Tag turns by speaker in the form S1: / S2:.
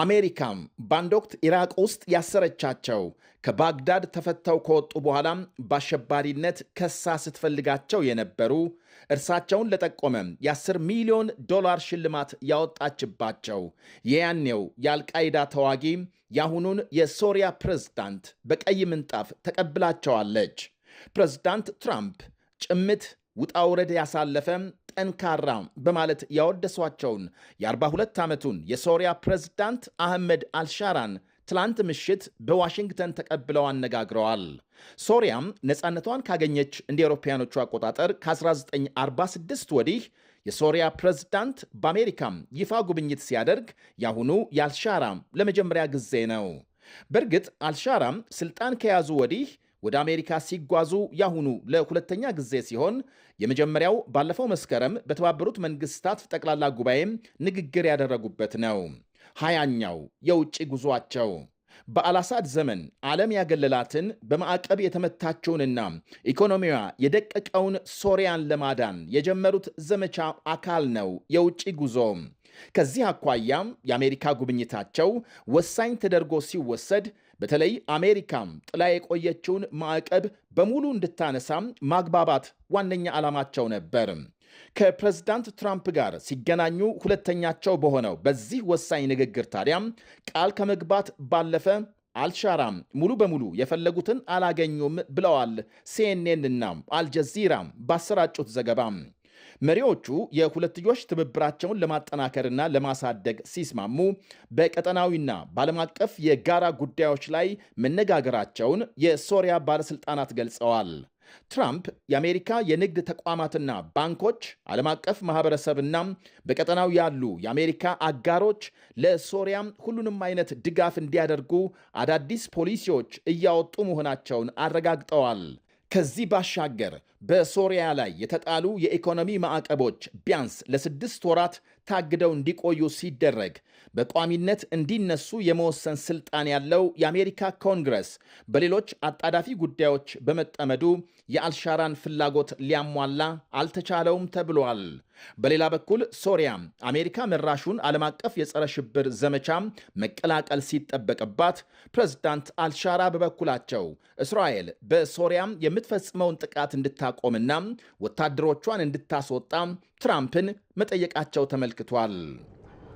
S1: አሜሪካም በአንድ ወቅት ኢራቅ ውስጥ ያሰረቻቸው ከባግዳድ ተፈተው ከወጡ በኋላም በአሸባሪነት ከሳ ስትፈልጋቸው የነበሩ እርሳቸውን ለጠቆመ የ10 ሚሊዮን ዶላር ሽልማት ያወጣችባቸው የያኔው የአልቃይዳ ተዋጊ የአሁኑን የሶሪያ ፕሬዝዳንት በቀይ ምንጣፍ ተቀብላቸዋለች። ፕሬዝዳንት ትራምፕ ጭምት ውጣውረድ ያሳለፈ ጠንካራ በማለት ያወደሷቸውን የ42 ዓመቱን የሶሪያ ፕሬዝዳንት አህመድ አልሻራን ትላንት ምሽት በዋሽንግተን ተቀብለው አነጋግረዋል። ሶሪያም ነፃነቷን ካገኘች እንደ አውሮፓውያኖቹ አቆጣጠር ከ1946 ወዲህ የሶሪያ ፕሬዝዳንት በአሜሪካም ይፋ ጉብኝት ሲያደርግ የአሁኑ የአልሻራ ለመጀመሪያ ጊዜ ነው። በእርግጥ አልሻራም ስልጣን ከያዙ ወዲህ ወደ አሜሪካ ሲጓዙ ያሁኑ ለሁለተኛ ጊዜ ሲሆን የመጀመሪያው ባለፈው መስከረም በተባበሩት መንግስታት ጠቅላላ ጉባኤም ንግግር ያደረጉበት ነው። ሀያኛው የውጭ ጉዞአቸው በአላሳድ ዘመን ዓለም ያገለላትን በማዕቀብ የተመታችውንና ኢኮኖሚዋ የደቀቀውን ሶሪያን ለማዳን የጀመሩት ዘመቻ አካል ነው የውጭ ጉዞ። ከዚህ አኳያም የአሜሪካ ጉብኝታቸው ወሳኝ ተደርጎ ሲወሰድ በተለይ አሜሪካም ጥላ የቆየችውን ማዕቀብ በሙሉ እንድታነሳም ማግባባት ዋነኛ ዓላማቸው ነበር። ከፕሬዝዳንት ትራምፕ ጋር ሲገናኙ ሁለተኛቸው በሆነው በዚህ ወሳኝ ንግግር ታዲያም ቃል ከመግባት ባለፈ አልሻራም ሙሉ በሙሉ የፈለጉትን አላገኙም ብለዋል። ሲኤንኤንና አልጀዚራ ባሰራጩት ዘገባ መሪዎቹ የሁለትዮሽ ትብብራቸውን ለማጠናከርና ለማሳደግ ሲስማሙ በቀጠናዊና በዓለም አቀፍ የጋራ ጉዳዮች ላይ መነጋገራቸውን የሶሪያ ባለሥልጣናት ገልጸዋል። ትራምፕ የአሜሪካ የንግድ ተቋማትና ባንኮች፣ ዓለም አቀፍ ማኅበረሰብና በቀጠናው ያሉ የአሜሪካ አጋሮች ለሶሪያ ሁሉንም አይነት ድጋፍ እንዲያደርጉ አዳዲስ ፖሊሲዎች እያወጡ መሆናቸውን አረጋግጠዋል። ከዚህ ባሻገር በሶሪያ ላይ የተጣሉ የኢኮኖሚ ማዕቀቦች ቢያንስ ለስድስት ወራት ታግደው እንዲቆዩ ሲደረግ በቋሚነት እንዲነሱ የመወሰን ስልጣን ያለው የአሜሪካ ኮንግረስ በሌሎች አጣዳፊ ጉዳዮች በመጠመዱ የአልሻራን ፍላጎት ሊያሟላ አልተቻለውም ተብሏል። በሌላ በኩል ሶሪያ አሜሪካ መራሹን ዓለም አቀፍ የጸረ ሽብር ዘመቻ መቀላቀል ሲጠበቅባት፣ ፕሬዝዳንት አልሻራ በበኩላቸው እስራኤል በሶሪያ የምትፈጽመውን ጥቃት እንድታቆምና ወታደሮቿን እንድታስወጣ ትራምፕን መጠየቃቸው ተመልክቷል።